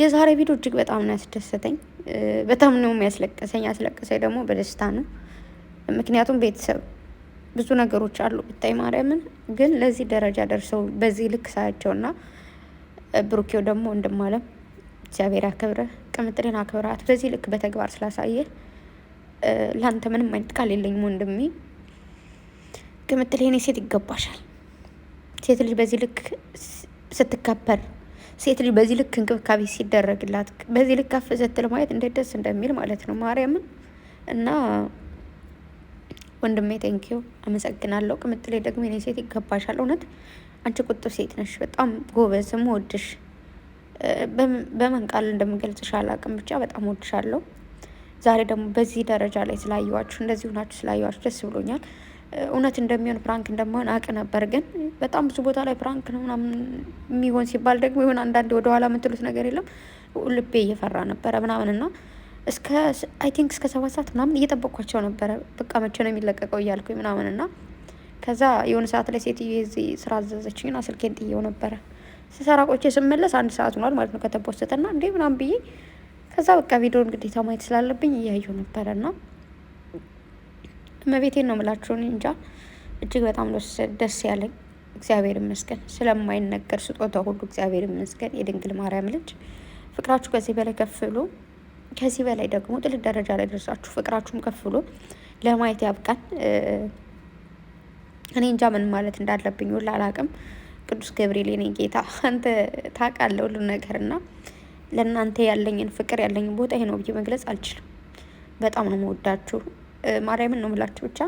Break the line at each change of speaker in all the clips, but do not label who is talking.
የዛሬ ቪዲዮ እጅግ በጣም ነው ያስደሰተኝ። በጣም ነው የሚያስለቀሰኝ። ያስለቀሰኝ ደግሞ በደስታ ነው። ምክንያቱም ቤተሰብ ብዙ ነገሮች አሉ ብታይ ማርያምን፣ ግን ለዚህ ደረጃ ደርሰው በዚህ ልክ ሳያቸውና ብሩኬው ደግሞ እንድማለም እግዚአብሔር ያክብረ ቅምጥሌን አክብራት በዚህ ልክ በተግባር ስላሳየ ለአንተ ምንም አይነት ቃል የለኝም ወንድሜ። ቅምጥሌ እኔ ሴት ይገባሻል። ሴት ልጅ በዚህ ልክ ስትከበር ሴት ልጅ በዚህ ልክ እንክብካቤ ሲደረግላት በዚህ ልክ ከፍ ስትል ማየት እንዴት ደስ እንደሚል ማለት ነው። ማርያምን እና ወንድሜ ቴንኪዩ አመሰግናለሁ። ቅምትሌ ደግሞ የኔ ሴት ይገባሻል። እውነት አንቺ ቁጥብ ሴት ነሽ። በጣም ጎበዝም ወድሽ በምን ቃል እንደምገልጽሽ አላውቅም፣ ብቻ በጣም ወድሻለሁ። ዛሬ ደግሞ በዚህ ደረጃ ላይ ስላየዋችሁ እንደዚህ ሁናችሁ ስላየዋችሁ ደስ ብሎኛል። እውነት እንደሚሆን ፕራንክ እንደሚሆን አቅ ነበር። ግን በጣም ብዙ ቦታ ላይ ፕራንክ ነው ምናምን የሚሆን ሲባል ደግሞ የሆነ አንዳንድ ወደኋላ የምትሉት ነገር የለም። ልቤ እየፈራ ነበረ ምናምን እና እስከ አይ ቲንክ እስከ ሰባት ሰዓት ምናምን እየጠበቅኳቸው ነበረ። በቃ መቼ ነው የሚለቀቀው እያልኩ ምናምን እና ከዛ የሆነ ሰዓት ላይ ሴትዮ የዚህ ስራ አዘዘችኝና ስልኬን ጥየው ነበረ ስሰራ ቆቼ ስመለስ አንድ ሰዓት ሆኗል ማለት ነው ና እንዴ ምናምን ብዬ ከዛ በቃ ቪዲዮ ግዴታ ማየት ስላለብኝ እያየው ነበረ ና እመቤቴን ነው ምላችሁን እንጃ እጅግ በጣም ደስ ያለኝ እግዚአብሔር ይመስገን ስለማይነገር ስጦታ ሁሉ እግዚአብሔር ይመስገን። የድንግል ማርያም ልጅ ፍቅራችሁ ከዚህ በላይ ከፍ ብሎ ከዚህ በላይ ደግሞ ትልቅ ደረጃ ላይ ደርሳችሁ ፍቅራችሁም ከፍ ብሎ ለማየት ያብቃን። እኔ እንጃ ምን ማለት እንዳለብኝ ሁሉ አላቅም። ቅዱስ ገብርኤል የኔ ጌታ አንተ ታውቃለህ ሁሉ ነገር እና ለእናንተ ያለኝን ፍቅር ያለኝን ቦታ ይሄ ነው ብዬ መግለጽ አልችልም። በጣም ነው መወዳችሁ። ማርያምን ነው የምላችሁ። ብቻ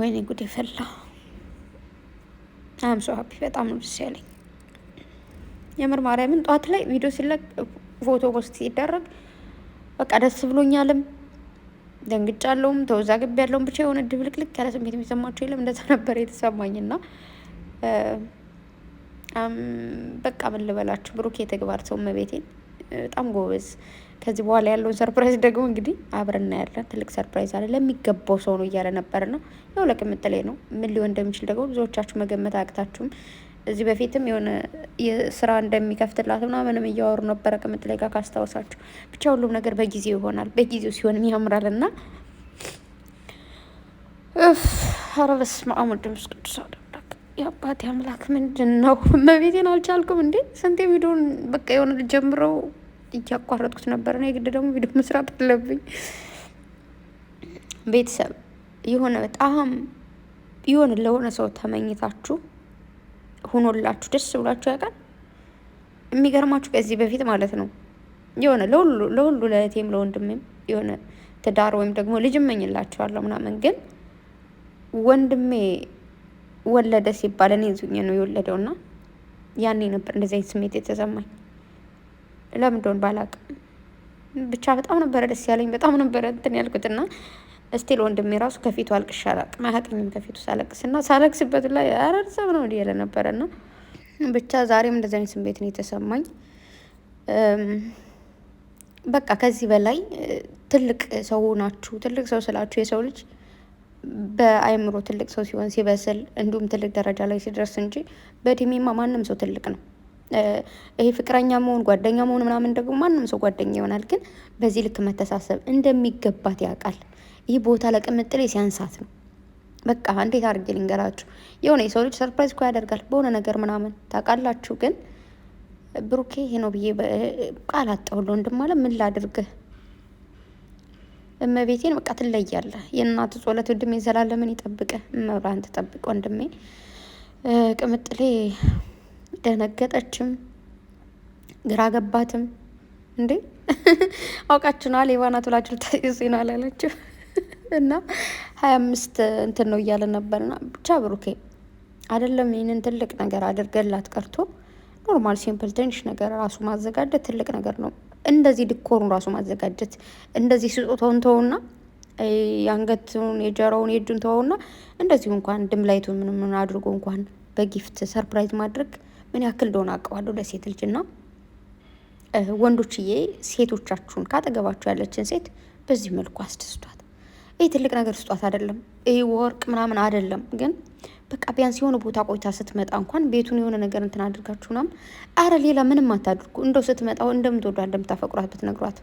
ወይኔ ጉድ ፈላ አም ሶ ሀፒ በጣም ነው ደስ ያለኝ። የምር ማርያምን ጠዋት ላይ ቪዲዮ ሲለቅ ፎቶ ፖስት ሲደረግ በቃ ደስ ብሎኛልም ተወዛ ተወዛግብ ያለውም ብቻ የሆነ ድብልቅልቅ ያለ ስሜት የሚሰማቸው የለም። እንደዛ ነበር የተሰማኝና በቃ ምን ልበላችሁ ብሩክ የተግባር ሰው መቤቴን በጣም ጎበዝ። ከዚህ በኋላ ያለውን ሰርፕራይዝ ደግሞ እንግዲህ አብረን እናያለን። ትልቅ ሰርፕራይዝ አለ፣ ለሚገባው ሰው ነው እያለ ነበር ና ያው ለቅምጥሌ ነው። ምን ሊሆን እንደሚችል ደግሞ ብዙዎቻችሁ መገመት አቅታችሁም እዚህ በፊትም የሆነ ስራ እንደሚከፍትላት ና ምንም እያወሩ ነበረ ቅምጥሌ ጋር ካስታወሳችሁ። ብቻ ሁሉም ነገር በጊዜው ይሆናል፣ በጊዜው ሲሆንም ያምራል ና ሀረረስ ማአሙድ ድምስ ቅዱስ የአባቴ አምላክ ምንድን ነው? መቤቴን አልቻልኩም እንዴ! ስንቴ ቪዲዮን በቃ የሆነ ጀምረው እያቋረጥኩት ነበር ነው የግድ ደግሞ ቪዲዮ መስራት አለብኝ። ቤተሰብ የሆነ በጣም የሆነ ለሆነ ሰው ተመኝታችሁ ሆኖላችሁ ደስ ብሏችሁ ያውቃል። የሚገርማችሁ ከዚህ በፊት ማለት ነው የሆነ ለሁሉ ለሁሉ ለእህቴም ለወንድሜም የሆነ ትዳር ወይም ደግሞ ልጅ እመኝላችኋለሁ ምናምን፣ ግን ወንድሜ ወለደ ሲባል እኔ ዙኝ ነው የወለደውና ያኔ ነበር እንደዚህ አይነት ስሜት የተሰማኝ። ለምን እንደሆነ ባላውቅም ብቻ በጣም ነበረ ደስ ያለኝ። በጣም ነበረ እንትን ያልኩትና እስቲል ወንድሜ ራሱ ከፊቱ አልቅሽ አላቅም አያውቅኝም። ከፊቱ ሳለቅስ እና ሳለቅስበት ላይ አረርሰብ ነው እንዲ ነበረ እና ብቻ ዛሬም እንደዚህ አይነት ስሜት ነው የተሰማኝ። በቃ ከዚህ በላይ ትልቅ ሰው ናችሁ። ትልቅ ሰው ስላችሁ የሰው ልጅ በአይምሮ ትልቅ ሰው ሲሆን ሲበስል፣ እንዲሁም ትልቅ ደረጃ ላይ ሲደርስ እንጂ በእድሜማ ማንም ሰው ትልቅ ነው። ይሄ ፍቅረኛ መሆን ጓደኛ መሆን ምናምን ደግሞ ማንም ሰው ጓደኛ ይሆናል፣ ግን በዚህ ልክ መተሳሰብ እንደሚገባት ያውቃል። ይህ ቦታ ለቅምጥሌ ሲያንሳት ነው። በቃ እንዴት አድርጌ ልንገራችሁ፣ የሆነ የሰው ልጅ ሰርፕራይዝ እኮ ያደርጋል በሆነ ነገር ምናምን ታውቃላችሁ። ግን ብሩኬ ይሄ ነው ብዬ ቃል አጣሁል። ወንድም አለ ምን ላድርግህ? እመቤቴን በቃ ትለያለህ። የእናቱ ጸሎት ወንድሜ ዘላለምን ይጠብቅህ። እመብርሃን ትጠብቅ ወንድሜ ቅምጥሌ ደነገጠችም፣ ግራ ገባትም። እንዴ አውቃችኋል የባና ቶላችሁ ልታዩ ዜና ላለችው እና ሀያ አምስት እንትን ነው እያለ ነበርና ብቻ ብሩኬ አይደለም ይህንን ትልቅ ነገር አድርገላት ቀርቶ ኖርማል ሲምፕል ትንሽ ነገር ራሱ ማዘጋጀት ትልቅ ነገር ነው። እንደዚህ ድኮሩን ራሱ ማዘጋጀት እንደዚህ ስጦታውን ተውና የአንገቱን የጀራውን የእጁን ተውና እንደዚሁ እንኳን ድምላይቱ ምንምን አድርጎ እንኳን በጊፍት ሰርፕራይዝ ማድረግ ምን ያክል እንደሆነ አውቀዋለሁ ለሴት ልጅ እና ወንዶችዬ፣ ሴቶቻችሁን ካጠገባችሁ ያለችን ሴት በዚህ መልኩ አስደስቷት። ይህ ትልቅ ነገር ስጧት አይደለም፣ ይህ ወርቅ ምናምን አይደለም። ግን በቃ ቢያንስ የሆነ ቦታ ቆይታ ስትመጣ እንኳን ቤቱን የሆነ ነገር እንትን አድርጋችሁ ናም፣ አረ ሌላ ምንም አታድርጉ። እንደው ስትመጣው እንደምትወዷ እንደምታፈቅሯት ብትነግሯት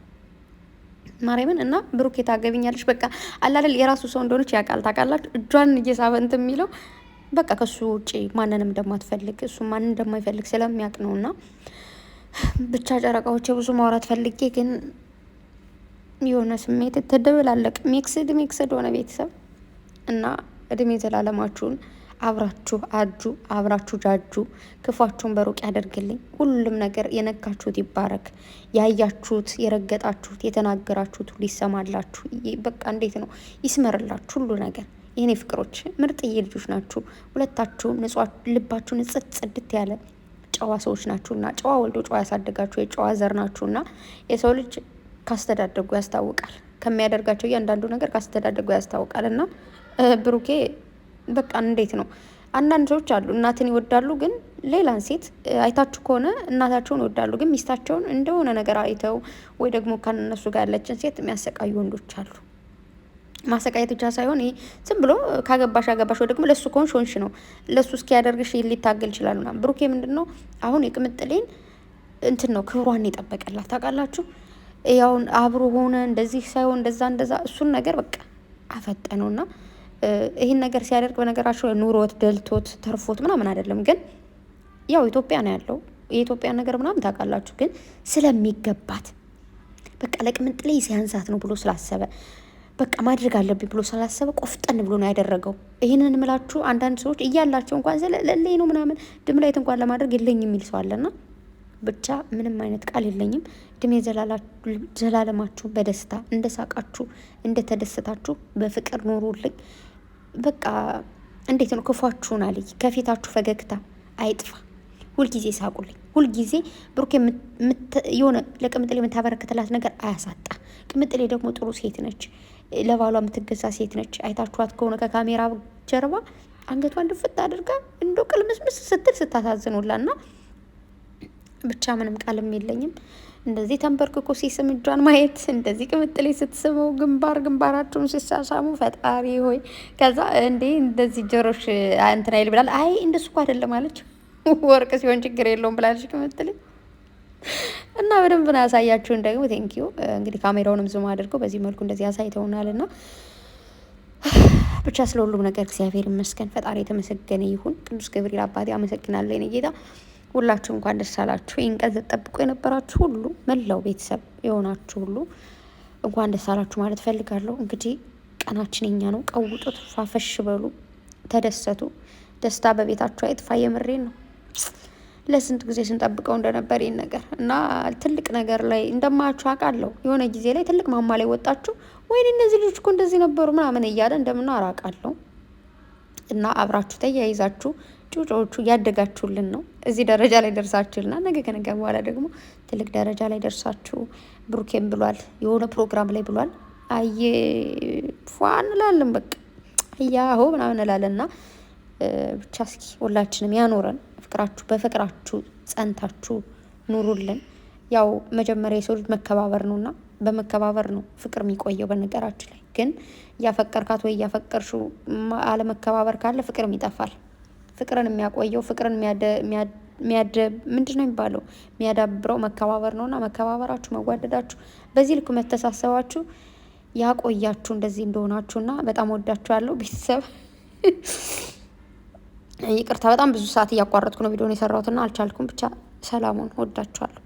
ማርያምን እና ብሩኬ ታገቢኛለች በቃ አላለል የራሱ ሰው እንደሆነች ያውቃል። ታውቃላችሁ እጇን እየሳበ እንትን የሚለው በቃ ከሱ ውጭ ማንንም እንደማትፈልግ እሱ ማንን እንደማይፈልግ ስለሚያውቅ ነው። እና ብቻ ጨረቃዎች ብዙ ማውራት ፈልጌ ግን የሆነ ስሜት ተደበላለቅ ሚክስድ ሚክስድ ሆነ ቤተሰብ እና እድሜ ዘላለማችሁን አብራችሁ አጁ፣ አብራችሁ ጃጁ፣ ክፏችሁን በሩቅ ያደርግልኝ። ሁሉም ነገር የነካችሁት ይባረክ፣ ያያችሁት፣ የረገጣችሁት፣ የተናገራችሁት ሁሉ ይሰማላችሁ። በቃ እንዴት ነው ይስመርላችሁ ሁሉ ነገር። የኔ ፍቅሮች ምርጥዬ ልጆች ናችሁ። ሁለታችሁም ልባችሁ ንጽት ጽድት ያለ ጨዋ ሰዎች ናችሁና ጨዋ ወልዶ ጨዋ ያሳደጋችሁ የጨዋ ዘር ናችሁና የሰው ልጅ ካስተዳደጉ ያስታውቃል። ከሚያደርጋቸው እያንዳንዱ ነገር ካስተዳደጉ ያስታውቃል። እና ብሩኬ በቃ እንዴት ነው አንዳንድ ሰዎች አሉ እናትን ይወዳሉ፣ ግን ሌላን ሴት አይታችሁ ከሆነ እናታቸውን ይወዳሉ፣ ግን ሚስታቸውን እንደሆነ ነገር አይተው ወይ ደግሞ ከነሱ ጋር ያለችን ሴት የሚያሰቃዩ ወንዶች አሉ። ማሰቃየት ብቻ ሳይሆን ይሄ ዝም ብሎ ካገባሽ አገባሽ፣ ወይ ደግሞ ለሱ ከሆንሽ ሆንሽ ነው። ለሱ እስኪያደርግሽ ሊታገል ይችላሉ ና ብሩኬ ምንድን ነው አሁን የቅምጥሌን እንትን ነው ክብሯን የጠበቀላት ታውቃላችሁ። ያውን አብሮ ሆነ እንደዚህ ሳይሆን እንደዛ እንደዛ እሱን ነገር በቃ ና ይህን ነገር ሲያደርግ በነገራቸው ኑሮት ደልቶት ተርፎት ምናምን አይደለም። ግን ያው ኢትዮጵያ ነው ያለው የኢትዮጵያ ነገር ምናምን ታውቃላችሁ። ግን ስለሚገባት በቃ ለቅምጥሌ ሲያንሳት ነው ብሎ ስላሰበ በቃ ማድረግ አለብኝ ብሎ ስላሰበ ቆፍጠን ብሎ ነው ያደረገው። ይህንን ምላችሁ አንዳንድ ሰዎች እያላቸው እንኳን ዘለለይ ነው ምናምን ድምላይት እንኳን ለማድረግ የለኝ የሚል ሰው አለና ብቻ ምንም አይነት ቃል የለኝም። እድሜ ዘላለማችሁ በደስታ እንደሳቃችሁ ተደሰታችሁ በፍቅር ኑሩልኝ። በቃ እንዴት ነው ክፏችሁን አልይ ከፊታችሁ ፈገግታ አይጥፋ። ሁልጊዜ ሳቁልኝ። ሁልጊዜ ብሩኬ የሆነ ለቅምጥሌ የምታበረክትላት ነገር አያሳጣ። ቅምጥሌ ደግሞ ጥሩ ሴት ነች፣ ለባሏ የምትገዛ ሴት ነች። አይታችኋት ከሆነ ከካሜራ ጀርባ አንገቷ እንድፍት አድርጋ እንዶ ቅልምስምስ ስትል ስታሳዝኑላ ና ብቻ ምንም ቃልም የለኝም። እንደዚህ ተንበርክኮ ሲስም እጇን ማየት እንደዚህ ቅምጥሌ ስትስመው ግንባር ግንባራቸውን ሲሳሳሙ ፈጣሪ ሆይ ከዛ እንዴ እንደዚህ ጆሮሽ እንትን አይል ብላል። አይ እንደሱ እኮ አይደለም አለች። ወርቅ ሲሆን ችግር የለውም ብላለች ከምትል እና በደንብ ነው ያሳያችሁን። ደግሞ ቴንኪዩ እንግዲህ ካሜራውንም ዝም አድርገው በዚህ መልኩ እንደዚህ ያሳይተውናል። እና ብቻ ስለ ሁሉም ነገር እግዚአብሔር ይመስገን፣ ፈጣሪ የተመሰገነ ይሁን። ቅዱስ ገብርኤል አባቴ አመሰግናለሁ። ጌታ ሁላችሁ እንኳን ደስ አላችሁ። ይህን ቀን የነበራችሁ ሁሉ መላው ቤተሰብ የሆናችሁ ሁሉ እንኳን ደስ አላችሁ ማለት ፈልጋለሁ። እንግዲህ ቀናችን የኛ ነው። ቀውጡት፣ ፋፈሽ በሉ፣ ተደሰቱ። ደስታ በቤታችሁ አይጥፋ። የምሬን ነው። ለስንት ጊዜ ስንጠብቀው እንደነበር ይህን ነገር እና ትልቅ ነገር ላይ እንደማያችሁ አውቃለሁ። የሆነ ጊዜ ላይ ትልቅ ማማ ላይ ወጣችሁ ወይኔ እነዚህ ልጆች እኮ እንደዚህ ነበሩ ምናምን እያለ እንደምን አራቃለሁ እና አብራችሁ ተያይዛችሁ ጩጮዎቹ እያደጋችሁልን ነው። እዚህ ደረጃ ላይ ደርሳችሁልና ነገ ከነገ በኋላ ደግሞ ትልቅ ደረጃ ላይ ደርሳችሁ ብሩኬም ብሏል፣ የሆነ ፕሮግራም ላይ ብሏል። አየ ፏ እንላለን፣ በቃ እያሆ ምናምን እንላለንና ብቻ እስኪ ሁላችንም ያኖረን ፍቅራችሁ በፍቅራችሁ ጸንታችሁ ኑሩልን። ያው መጀመሪያ የሰው ልጅ መከባበር እና በመከባበር ነው ፍቅር የሚቆየው። በነገራችን ላይ ግን እያፈቀርካት ወይ እያፈቀርሽው አለመከባበር ካለ ፍቅርም ይጠፋል። ፍቅርን የሚያቆየው ፍቅርን ሚያደ ምንድን ነው የሚባለው የሚያዳብረው መከባበር ነውና መከባበራችሁ፣ መዋደዳችሁ፣ በዚህ ልክ መተሳሰባችሁ ያቆያችሁ እንደዚህ እንደሆናችሁና በጣም ወዳችሁ ያለው ቤተሰብ ይቅርታ፣ በጣም ብዙ ሰዓት እያቋረጥኩ ነው ቪዲዮን የሰራሁትና አልቻልኩም። ብቻ ሰላሙን ወዳችኋለሁ።